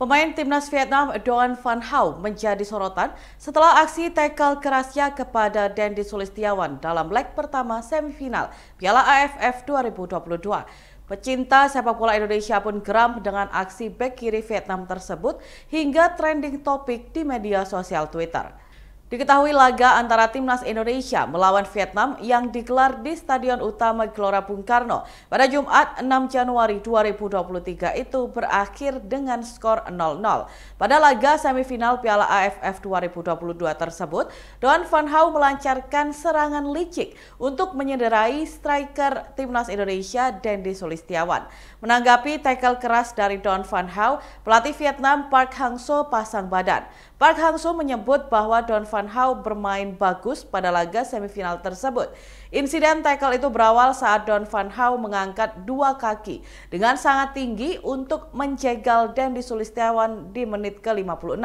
Pemain timnas Vietnam Doan Van Hau menjadi sorotan setelah aksi tackle kerasnya kepada Dendi Sulistiawan dalam leg pertama semifinal Piala AFF 2022. Pecinta sepak bola Indonesia pun geram dengan aksi bek kiri Vietnam tersebut hingga trending topik di media sosial Twitter. Diketahui laga antara timnas Indonesia melawan Vietnam yang digelar di Stadion Utama Gelora Bung Karno pada Jumat 6 Januari 2023 itu berakhir dengan skor 0-0. Pada laga semifinal Piala AFF 2022 tersebut, Don Van Hau melancarkan serangan licik untuk menyederai striker timnas Indonesia Dendi Sulistiawan. Menanggapi tackle keras dari Don Van Hau, pelatih Vietnam Park Hang Seo pasang badan. Park Hang Seo menyebut bahwa Don Van Van Hau bermain bagus pada laga semifinal tersebut. Insiden tackle itu berawal saat Don Van Hau mengangkat dua kaki dengan sangat tinggi untuk menjegal Dendi Sulistiawan di menit ke-56.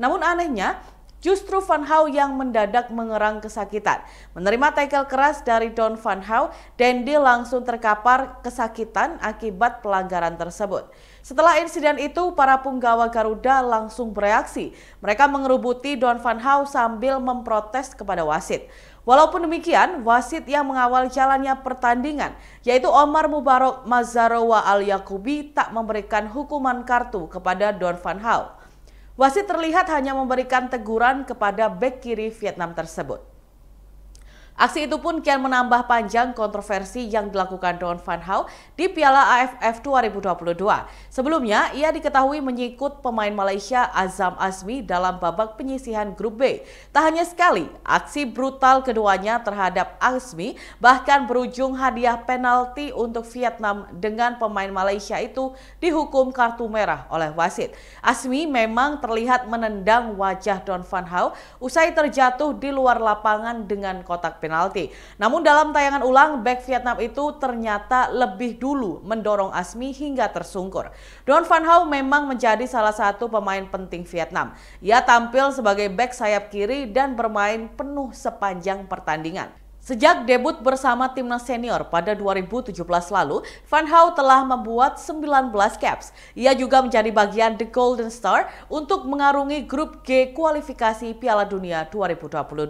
Namun anehnya, Justru Van Hau yang mendadak mengerang kesakitan. Menerima tackle keras dari Don Van Hau, Dendi langsung terkapar kesakitan akibat pelanggaran tersebut. Setelah insiden itu, para punggawa Garuda langsung bereaksi. Mereka mengerubuti Don Van Hau sambil memprotes kepada wasit. Walaupun demikian, wasit yang mengawal jalannya pertandingan, yaitu Omar Mubarok Mazarowa Al Yakubi tak memberikan hukuman kartu kepada Don Van Hau. Wasit terlihat hanya memberikan teguran kepada bek kiri Vietnam tersebut. Aksi itu pun kian menambah panjang kontroversi yang dilakukan Don Van Hau di Piala AFF 2022. Sebelumnya, ia diketahui menyikut pemain Malaysia Azam Azmi dalam babak penyisihan grup B. Tak hanya sekali, aksi brutal keduanya terhadap Azmi bahkan berujung hadiah penalti untuk Vietnam dengan pemain Malaysia itu dihukum kartu merah oleh wasit. Azmi memang terlihat menendang wajah Don Van Hau usai terjatuh di luar lapangan dengan kotak penalti. Namun dalam tayangan ulang, back Vietnam itu ternyata lebih dulu mendorong Asmi hingga tersungkur. Don Van Hau memang menjadi salah satu pemain penting Vietnam. Ia tampil sebagai back sayap kiri dan bermain penuh sepanjang pertandingan. Sejak debut bersama timnas senior pada 2017 lalu, Van Hau telah membuat 19 caps. Ia juga menjadi bagian The Golden Star untuk mengarungi grup G kualifikasi Piala Dunia 2022.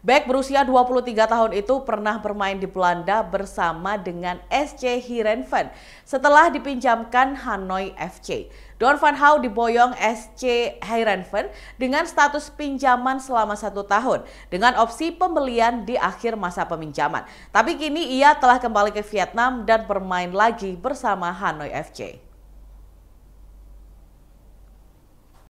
Beck berusia 23 tahun itu pernah bermain di Belanda bersama dengan SC Heerenveen setelah dipinjamkan Hanoi FC. Don Van Hau diboyong SC Heerenveen dengan status pinjaman selama satu tahun dengan opsi pembelian di akhir masa peminjaman. Tapi kini ia telah kembali ke Vietnam dan bermain lagi bersama Hanoi FC.